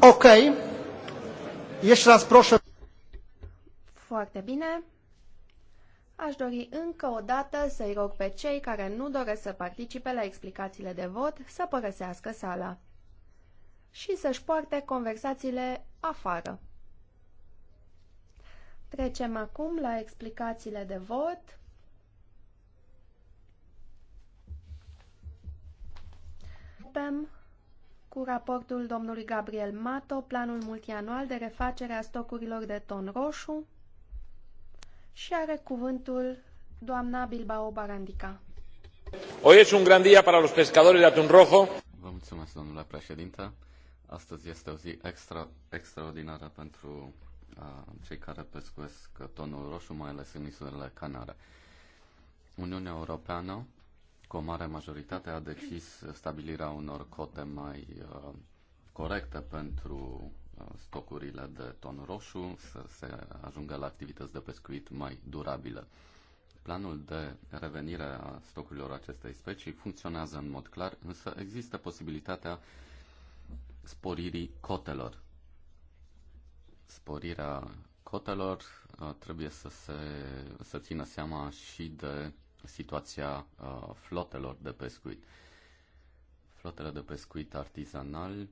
Ok. Ești Foarte bine. Aș dori încă o dată să-i rog pe cei care nu doresc să participe la explicațiile de vot să părăsească sala și să-și poarte conversațiile afară. Trecem acum la explicațiile de vot. Putem cu raportul domnului Gabriel Mato, planul multianual de refacere a stocurilor de ton roșu și are cuvântul doamna Bilbao Barandica. Hoy es un gran día para los pescadores de atún rojo. Vă mulțumesc, domnule președinte. Astăzi este o zi extra, extraordinară pentru a, cei care pescuesc tonul roșu, mai ales în insulele Canare. Uniunea Europeană cu o mare majoritate a decis stabilirea unor cote mai uh, corecte pentru uh, stocurile de ton roșu, să se ajungă la activități de pescuit mai durabile. Planul de revenire a stocurilor acestei specii funcționează în mod clar, însă există posibilitatea sporirii cotelor. Sporirea cotelor uh, trebuie să se să țină seama și de situația uh, flotelor de pescuit. Flotele de pescuit artizanal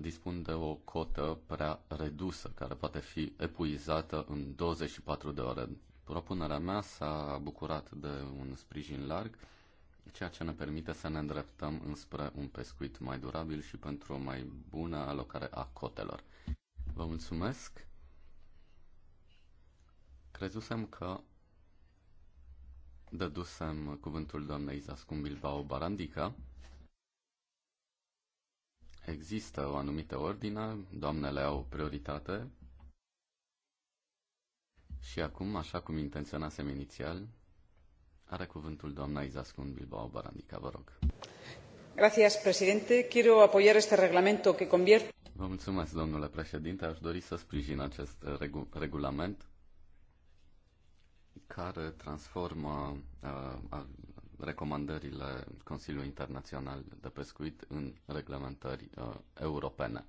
dispun de o cotă prea redusă, care poate fi epuizată în 24 de ore. Propunerea mea s-a bucurat de un sprijin larg, ceea ce ne permite să ne îndreptăm înspre un pescuit mai durabil și pentru o mai bună alocare a cotelor. Vă mulțumesc! Crezusem că dădusem cuvântul doamnei Izascum Bilbao Barandica. Există o anumită ordine, doamnele au prioritate și acum, așa cum intenționasem inițial, are cuvântul doamna Izascun Bilbao Barandica, vă rog. Gracias, presidente. Quiero apoyar este reglamento que convierte... Vă mulțumesc, domnule președinte. Aș dori să sprijin acest regulament care transformă uh, recomandările Consiliului Internațional de Pescuit în reglementări uh, europene.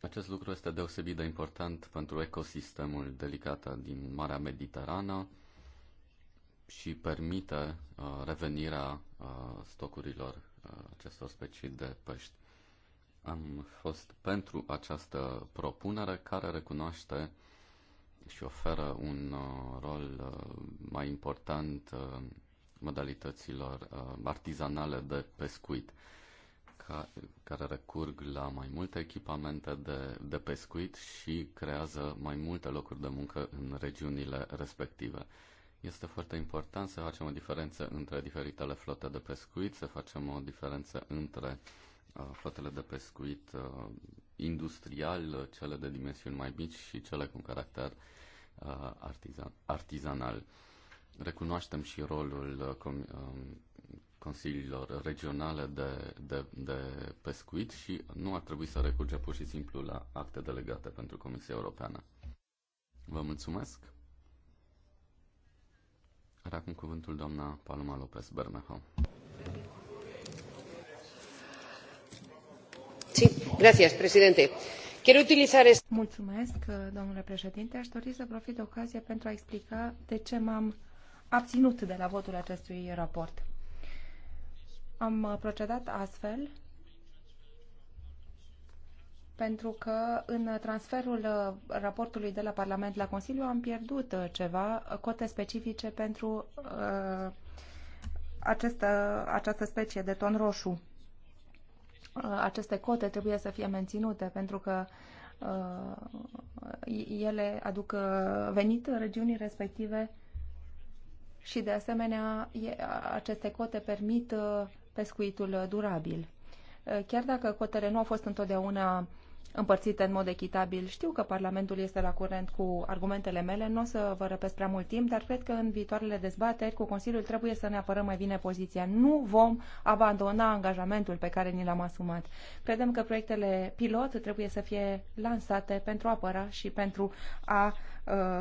Acest lucru este deosebit de important pentru ecosistemul delicat din Marea Mediterană și permite uh, revenirea uh, stocurilor uh, acestor specii de pești. Am fost pentru această propunere care recunoaște și oferă un uh, rol uh, mai important uh, modalităților artizanale de pescuit, care recurg la mai multe echipamente de, de pescuit și creează mai multe locuri de muncă în regiunile respective. Este foarte important să facem o diferență între diferitele flote de pescuit, să facem o diferență între flotele de pescuit industrial, cele de dimensiuni mai mici și cele cu caracter uh, artizan, artizanal. Recunoaștem și rolul uh, um, consiliilor regionale de, de, de pescuit și nu ar trebui să recurge pur și simplu la acte delegate pentru Comisia Europeană. Vă mulțumesc! Are acum cuvântul doamna Paloma Lopez Bermejo. domnule președinte. Aș dori să profit de ocazie pentru a explica de ce m-am abținut de la votul acestui raport. Am procedat astfel pentru că în transferul raportului de la Parlament la Consiliu am pierdut ceva, cote specifice pentru uh, această, această specie de ton roșu. Uh, aceste cote trebuie să fie menținute pentru că uh, ele aduc uh, venit regiunii respective și de asemenea aceste cote permit pescuitul durabil. Chiar dacă cotele nu au fost întotdeauna împărțite în mod echitabil. Știu că Parlamentul este la curent cu argumentele mele, nu o să vă răpesc prea mult timp, dar cred că în viitoarele dezbateri cu Consiliul trebuie să ne apărăm mai bine poziția. Nu vom abandona angajamentul pe care ni l-am asumat. Credem că proiectele pilot trebuie să fie lansate pentru a apăra și pentru a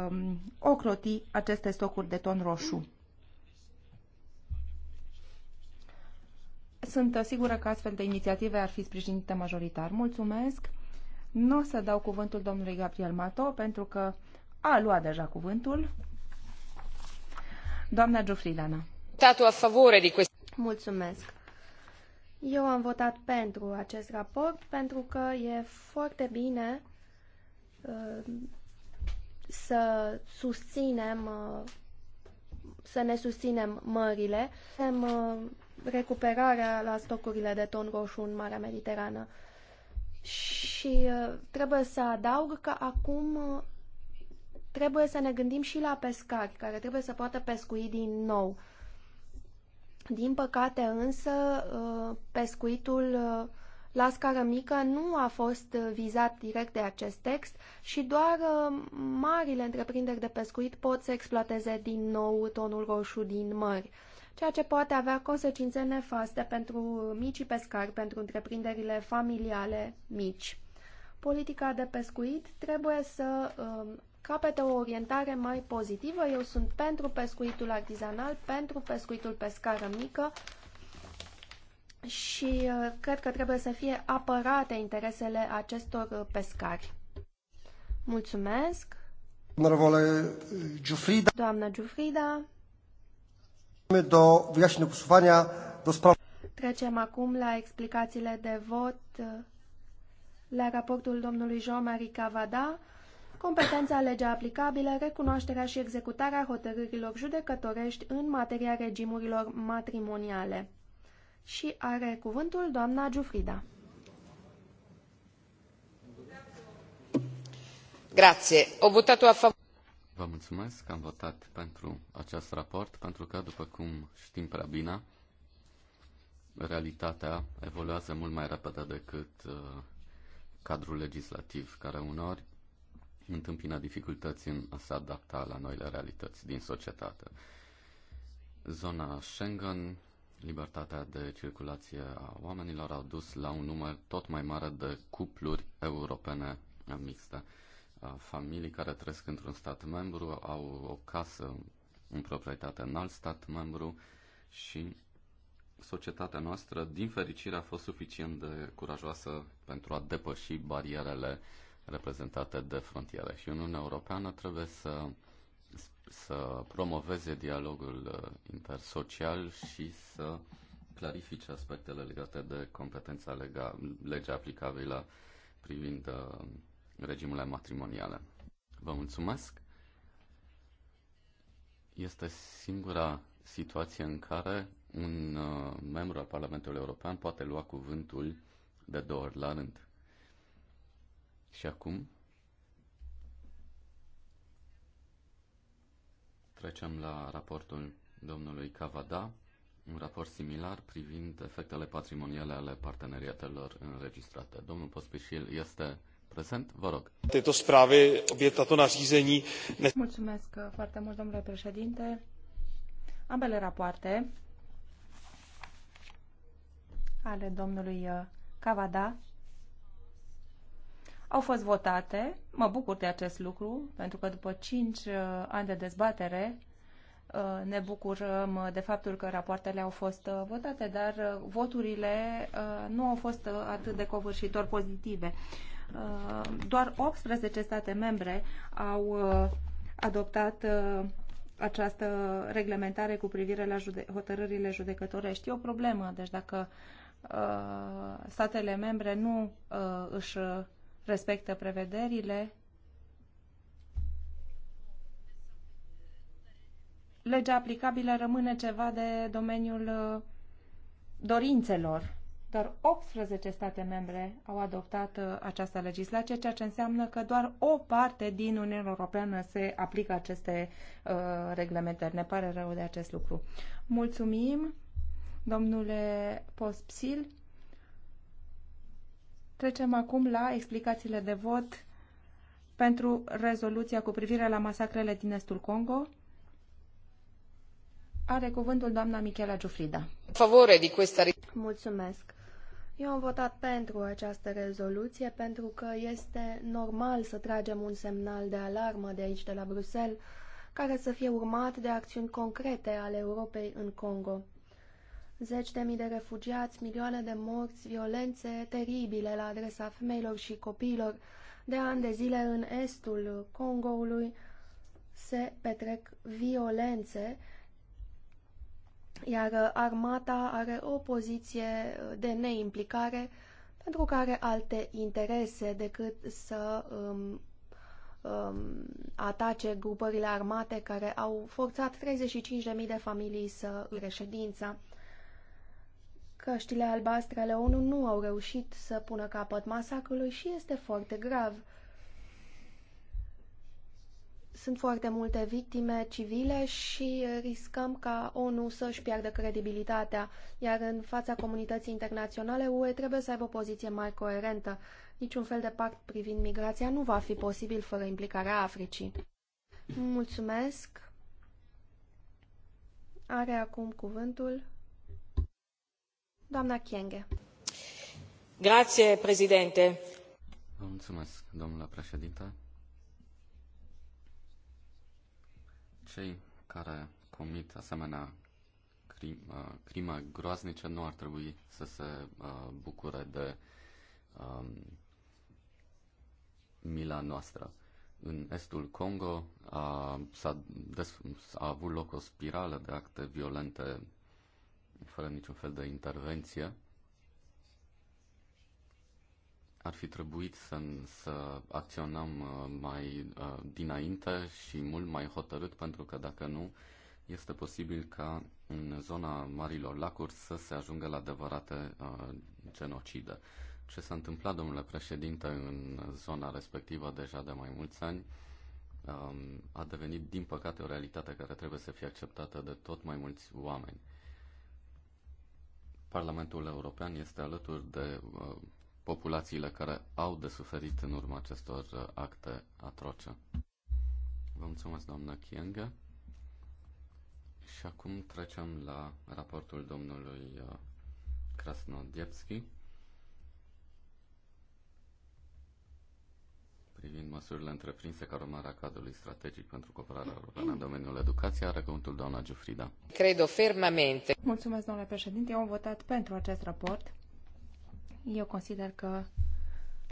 um, ocroti aceste stocuri de ton roșu. Sunt sigură că astfel de inițiative ar fi sprijinite majoritar. Mulțumesc! Nu o să dau cuvântul domnului Gabriel Mato pentru că a luat deja cuvântul. Doamna Giufridana. Statul a favore de quest- Mulțumesc. Eu am votat pentru acest raport pentru că e foarte bine uh, să susținem uh, să ne susținem mările, Am, uh, recuperarea la stocurile de ton roșu în Marea Mediterană. Și uh, trebuie să adaug că acum uh, trebuie să ne gândim și la pescari, care trebuie să poată pescui din nou. Din păcate însă, uh, pescuitul la scară mică nu a fost vizat direct de acest text și doar marile întreprinderi de pescuit pot să exploateze din nou tonul roșu din mări ceea ce poate avea consecințe nefaste pentru micii pescari, pentru întreprinderile familiale mici. Politica de pescuit trebuie să um, capete o orientare mai pozitivă. Eu sunt pentru pescuitul artizanal, pentru pescuitul pe scară mică și uh, cred că trebuie să fie apărate interesele acestor pescari. Mulțumesc! Doamna Giufrida. Do wyjaśnienia głosowania do spraw... Trecem acum la explicațiile de vot la raportul domnului Jean-Marie Cavada, competența legea aplicabilă, recunoașterea și executarea hotărârilor judecătorești în materia regimurilor matrimoniale. Și are cuvântul doamna Giufrida. Grazie. Ho votato a favore. Vă mulțumesc că am votat pentru acest raport, pentru că, după cum știm prea bine, realitatea evoluează mult mai repede decât uh, cadrul legislativ, care uneori întâmpină dificultăți în a se adapta la noile realități din societate. Zona Schengen, libertatea de circulație a oamenilor au dus la un număr tot mai mare de cupluri europene mixte familii care trăiesc într-un stat membru, au o casă în proprietate în alt stat membru și societatea noastră, din fericire, a fost suficient de curajoasă pentru a depăși barierele reprezentate de frontiere. Și Uniunea Europeană trebuie să, să promoveze dialogul uh, intersocial și să clarifice aspectele legate de competența lega, legea aplicabilă privind uh, regimurile matrimoniale. Vă mulțumesc! Este singura situație în care un uh, membru al Parlamentului European poate lua cuvântul de două ori la rând. Și acum trecem la raportul domnului Cavada, un raport similar privind efectele patrimoniale ale parteneriatelor înregistrate. Domnul Pospișil este prezent. Vă rog. Tyto zprávy, obě tato nařízení... Mulțumesc uh, foarte mult, domnule președinte. Ambele rapoarte ale domnului uh, Cavada au fost votate. Mă bucur de acest lucru, pentru că după 5 uh, ani de dezbatere ne bucurăm de faptul că rapoartele au fost votate, dar voturile nu au fost atât de covârșitor pozitive. Uh, doar 18 state membre au uh, adoptat uh, această reglementare cu privire la jude- hotărârile judecătorești. E o problemă, deci dacă statele membre nu își respectă prevederile, legea aplicabilă rămâne ceva de domeniul dorințelor doar 18 state membre au adoptat uh, această legislație, ceea ce înseamnă că doar o parte din Uniunea Europeană se aplică aceste uh, reglementări. Ne pare rău de acest lucru. Mulțumim, domnule Pospsil. Trecem acum la explicațiile de vot pentru rezoluția cu privire la masacrele din Estul Congo. Are cuvântul doamna Michela Giufrida. Favore di questa Mulțumesc. Eu am votat pentru această rezoluție pentru că este normal să tragem un semnal de alarmă de aici, de la Bruxelles, care să fie urmat de acțiuni concrete ale Europei în Congo. Zeci de mii de refugiați, milioane de morți, violențe teribile la adresa femeilor și copiilor de ani de zile în estul Congoului se petrec violențe iar uh, armata are o poziție uh, de neimplicare pentru că are alte interese decât să um, um, atace grupările armate care au forțat 35.000 de familii să reședința. Căștile albastre ale ONU nu au reușit să pună capăt masacrului și este foarte grav. Sunt foarte multe victime civile și uh, riscăm ca ONU să-și piardă credibilitatea, iar în fața comunității internaționale UE trebuie să aibă o poziție mai coerentă. Niciun fel de pact privind migrația nu va fi posibil fără implicarea Africii. Mulțumesc. Are acum cuvântul doamna Kienge. Grazie, președinte. Vă mulțumesc, domnule președinte. cei care comit asemenea crim, uh, crime groaznice nu ar trebui să se uh, bucure de um, mila noastră. În estul Congo a, s-a, des, a avut loc o spirală de acte violente fără niciun fel de intervenție ar fi trebuit să, să acționăm uh, mai uh, dinainte și mult mai hotărât, pentru că dacă nu, este posibil ca în zona Marilor Lacuri să se ajungă la adevărate uh, genocide. Ce s-a întâmplat, domnule președinte, în zona respectivă deja de mai mulți ani, um, a devenit, din păcate, o realitate care trebuie să fie acceptată de tot mai mulți oameni. Parlamentul European este alături de populațiile care au de suferit în urma acestor uh, acte atroce. Vă mulțumesc, doamna Chiengă. Și acum trecem la raportul domnului uh, Krasnodiepski privind măsurile întreprinse ca urmare a cadrului strategic pentru cooperarea europeană în domeniul educației, are cuvântul doamna Giufrida. Credo fermamente. Mulțumesc, domnule președinte. Eu am votat pentru acest raport eu consider că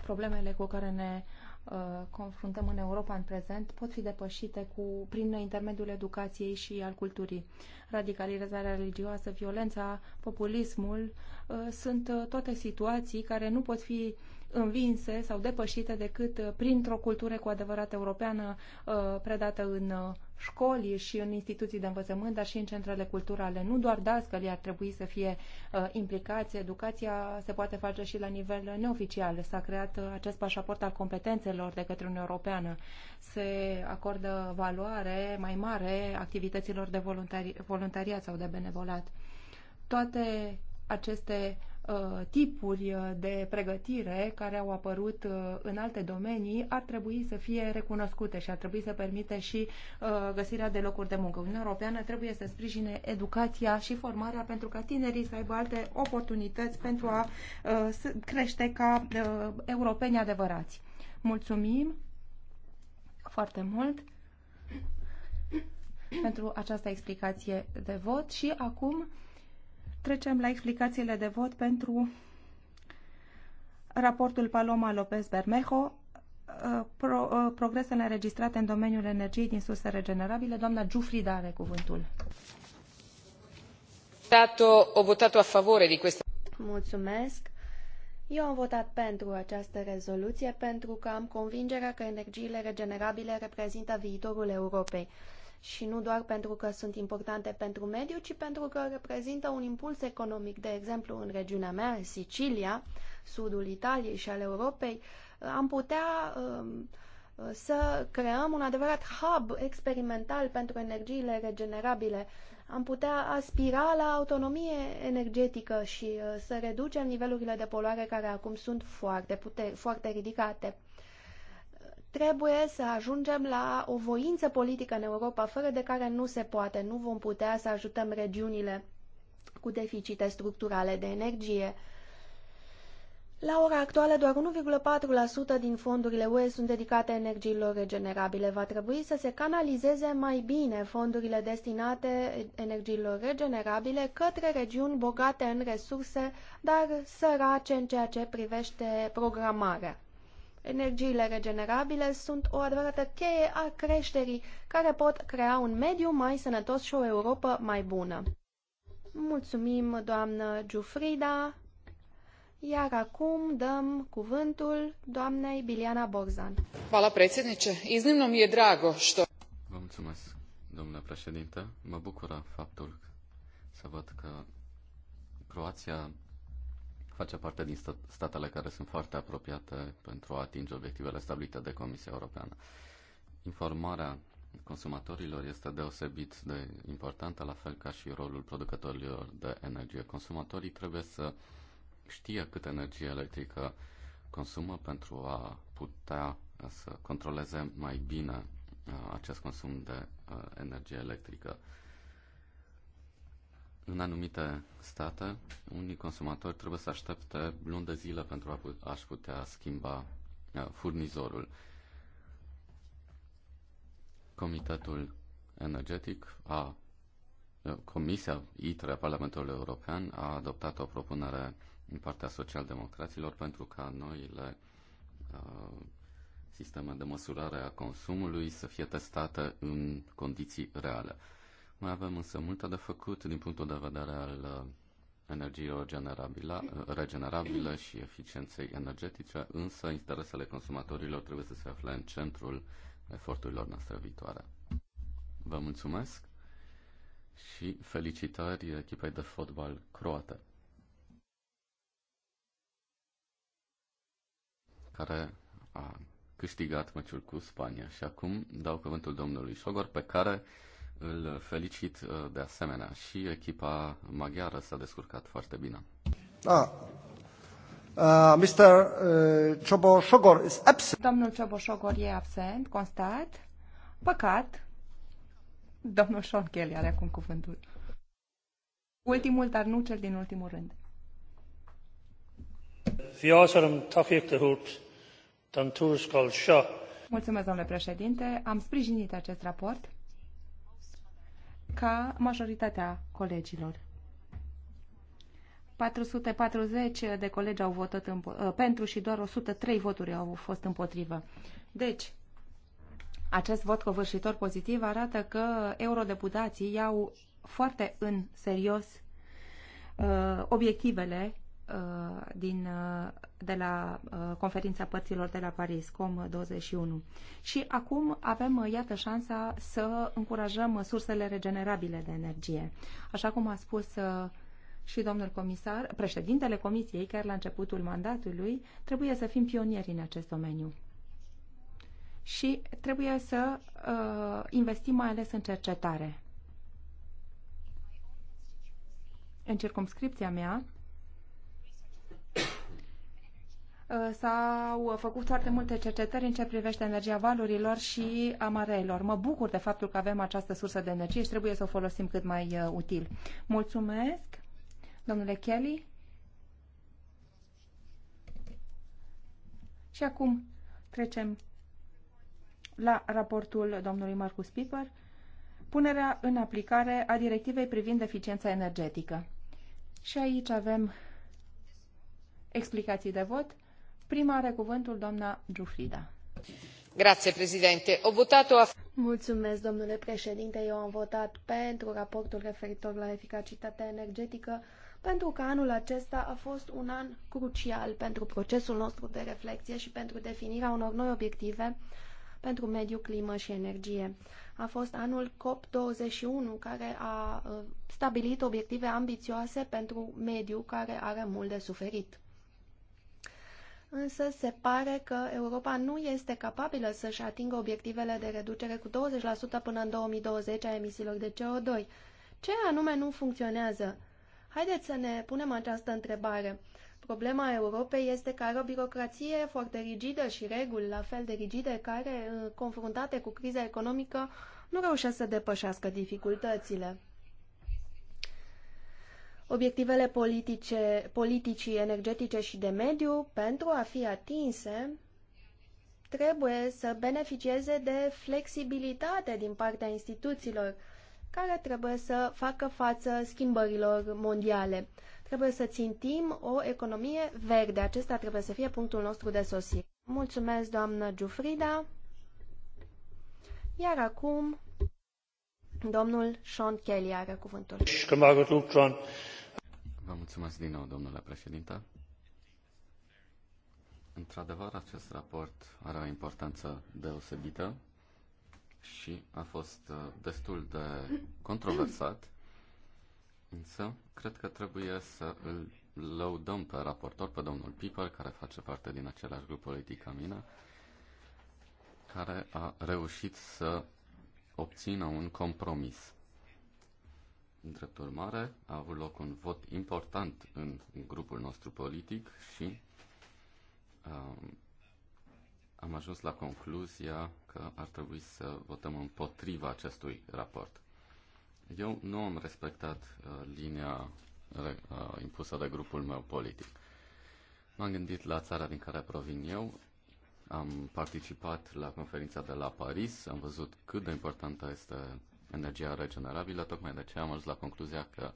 problemele cu care ne uh, confruntăm în Europa în prezent pot fi depășite cu, prin intermediul educației și al culturii. Radicalizarea religioasă, violența, populismul uh, sunt uh, toate situații care nu pot fi învinse sau depășite decât uh, printr-o cultură cu adevărat europeană uh, predată în uh, școli și în instituții de învățământ, dar și în centrele culturale. Nu doar dascăli ar trebui să fie uh, implicați, educația se poate face și la nivel neoficial. S-a creat uh, acest pașaport al competențelor de către Uniunea Europeană. Se acordă valoare mai mare activităților de voluntari- voluntariat sau de benevolat. Toate aceste Uh, tipuri uh, de pregătire care au apărut uh, în alte domenii ar trebui să fie recunoscute și ar trebui să permite și găsirea de locuri de muncă. Uniunea Europeană trebuie să sprijine educația și formarea pentru ca tinerii să aibă alte oportunități pentru a crește ca europeni adevărați. Mulțumim foarte mult pentru această explicație de vot și acum Trecem la explicațiile de vot pentru raportul Paloma López Bermejo, uh, pro, uh, progresele înregistrate în domeniul energiei din surse regenerabile. Doamna Giufrida are cuvântul. O votat a favore de questa... Mulțumesc. Eu am votat pentru această rezoluție pentru că am convingerea că energiile regenerabile reprezintă viitorul Europei și nu doar pentru că sunt importante pentru mediu, ci pentru că reprezintă un impuls economic. De exemplu, în regiunea mea, Sicilia, sudul Italiei și al Europei, am putea um, să creăm un adevărat hub experimental pentru energiile regenerabile. Am putea aspira la autonomie energetică și uh, să reducem nivelurile de poluare care acum sunt foarte, foarte ridicate. Trebuie să ajungem la o voință politică în Europa, fără de care nu se poate, nu vom putea să ajutăm regiunile cu deficite structurale de energie. La ora actuală, doar 1,4% din fondurile UE sunt dedicate energiilor regenerabile. Va trebui să se canalizeze mai bine fondurile destinate energiilor regenerabile către regiuni bogate în resurse, dar sărace în ceea ce privește programarea. Energiile regenerabile sunt o adevărată cheie a creșterii care pot crea un mediu mai sănătos și o Europa mai bună. Mulțumim, doamnă Giufrida. Iar acum dăm cuvântul doamnei Biliana Borzan. Vala predsjedniče. Iznimno mi e drago što... Vă mulțumesc, domnule președinte. Mă bucură faptul să văd că Croația face parte din statele care sunt foarte apropiate pentru a atinge obiectivele stabilite de Comisia Europeană. Informarea consumatorilor este deosebit de importantă, la fel ca și rolul producătorilor de energie. Consumatorii trebuie să știe cât energie electrică consumă pentru a putea să controleze mai bine uh, acest consum de uh, energie electrică. În anumite state, unii consumatori trebuie să aștepte luni de zile pentru a și putea schimba uh, furnizorul. Comitetul Energetic a uh, Comisia ITRE a Parlamentului European a adoptat o propunere din partea socialdemocraților pentru ca noile uh, sisteme de măsurare a consumului să fie testate în condiții reale. Mai avem însă multe de făcut din punctul de vedere al uh, energiilor uh, regenerabile și eficienței energetice, însă interesele consumatorilor trebuie să se afle în centrul eforturilor noastre viitoare. Vă mulțumesc și felicitări echipei de fotbal croate, care a câștigat meciul cu Spania. Și acum dau cuvântul domnului Șogor, pe care îl felicit uh, de asemenea și echipa maghiară s-a descurcat foarte bine. Ah. Uh, Mr. Uh, Cioboșogor is absent. Domnul Cioboșogor e absent, constat. Păcat. Domnul Sean are acum cuvântul. Ultimul, dar nu cel din ultimul rând. Mulțumesc, domnule președinte. Am sprijinit acest raport ca majoritatea colegilor. 440 de colegi au votat în, ă, pentru și doar 103 voturi au fost împotrivă. Deci, acest vot covârșitor pozitiv arată că eurodeputații iau foarte în serios uh, obiectivele Uh, din, uh, de la uh, conferința părților de la Paris, COM21. Și acum avem, iată, șansa să încurajăm sursele regenerabile de energie. Așa cum a spus și domnul comisar, președintele comisiei, chiar la începutul mandatului, trebuie să fim pionieri în acest domeniu. Și trebuie să uh, investim mai ales în cercetare. În circumscripția mea, Uh, s-au făcut foarte multe cercetări în ce privește energia valurilor și a mareilor. Mă bucur de faptul că avem această sursă de energie și trebuie să o folosim cât mai uh, util. Mulțumesc, domnule Kelly. Și acum trecem la raportul domnului Marcus Piper, punerea în aplicare a directivei privind eficiența energetică. Și aici avem explicații de vot. Prima are cuvântul doamna Giufrida. Grazie, președinte. Ho votato a... Mulțumesc, domnule președinte. Eu am votat pentru raportul referitor la eficacitatea energetică pentru că anul acesta a fost un an crucial pentru procesul nostru de reflexie și pentru definirea unor noi obiective pentru mediu, climă și energie. A fost anul COP21 care a uh, stabilit obiective ambițioase pentru mediu care are mult de suferit însă se pare că Europa nu este capabilă să-și atingă obiectivele de reducere cu 20% până în 2020 a emisiilor de CO2. Ce anume nu funcționează? Haideți să ne punem această întrebare. Problema Europei este că are o birocrație foarte rigidă și reguli la fel de rigide care, confruntate cu criza economică, nu reușesc să depășească dificultățile obiectivele politice, politicii energetice și de mediu, pentru a fi atinse, trebuie să beneficieze de flexibilitate din partea instituțiilor, care trebuie să facă față schimbărilor mondiale. Trebuie să țintim o economie verde. Acesta trebuie să fie punctul nostru de sosire. Mulțumesc, doamnă Giufrida. Iar acum, domnul Sean Kelly are cuvântul. Vă mulțumesc din nou, domnule președinte. Într-adevăr, acest raport are o importanță deosebită și a fost uh, destul de controversat, însă cred că trebuie să îl lăudăm pe raportor, pe domnul Piper, care face parte din același grup politic ca mine, care a reușit să obțină un compromis. În drept urmare, a avut loc un vot important în grupul nostru politic și um, am ajuns la concluzia că ar trebui să votăm împotriva acestui raport. Eu nu am respectat uh, linia uh, impusă de grupul meu politic. M-am gândit la țara din care provin eu, am participat la conferința de la Paris, am văzut cât de importantă este energia regenerabilă. Tocmai de aceea am ajuns la concluzia că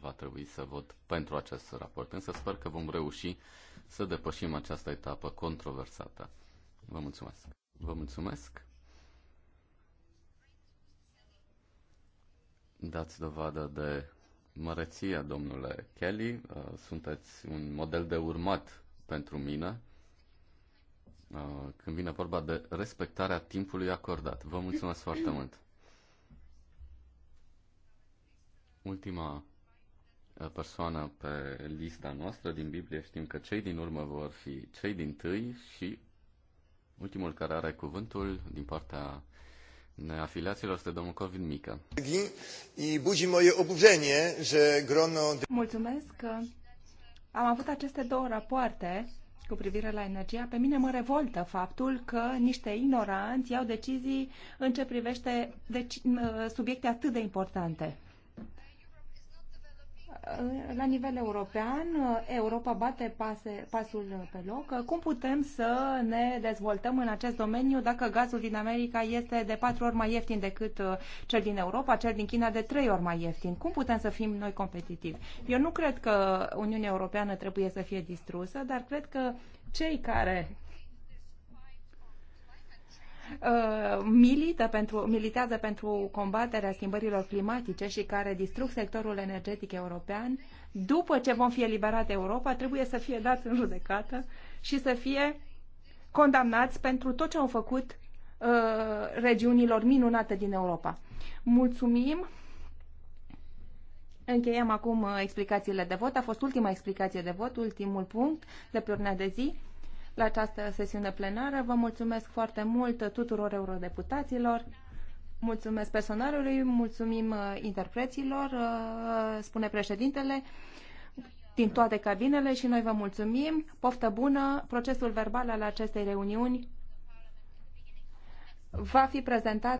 va trebui să vot pentru acest raport. Însă sper că vom reuși să depășim această etapă controversată. Vă mulțumesc. Vă mulțumesc. Dați dovadă de măreție, domnule Kelly. Uh, sunteți un model de urmat pentru mine uh, când vine vorba de respectarea timpului acordat. Vă mulțumesc foarte mult. ultima uh, persoană pe lista noastră din Biblie, știm că cei din urmă vor fi cei din tâi și ultimul care are cuvântul din partea neafiliaților este domnul Corvin Mică. Mulțumesc că am avut aceste două rapoarte cu privire la energia, pe mine mă revoltă faptul că niște ignoranți iau decizii în ce privește deci, uh, subiecte atât de importante la nivel european, Europa bate pase, pasul pe loc. Cum putem să ne dezvoltăm în acest domeniu dacă gazul din America este de patru ori mai ieftin decât uh, cel din Europa, cel din China de trei ori mai ieftin? Cum putem să fim noi competitivi? Eu nu cred că Uniunea Europeană trebuie să fie distrusă, dar cred că cei care Uh, milită pentru, militează pentru combaterea schimbărilor climatice și care distrug sectorul energetic european, după ce vom fi eliberate Europa, trebuie să fie dați în judecată și să fie condamnați pentru tot ce au făcut uh, regiunilor minunate din Europa. Mulțumim! Încheiem acum uh, explicațiile de vot. A fost ultima explicație de vot, ultimul punct de pe urmea de zi la această sesiune plenară. Vă mulțumesc foarte mult tuturor eurodeputaților. Mulțumesc personalului, mulțumim uh, interpreților, uh, spune președintele, din toate cabinele și noi vă mulțumim. Poftă bună, procesul verbal al acestei reuniuni va fi prezentat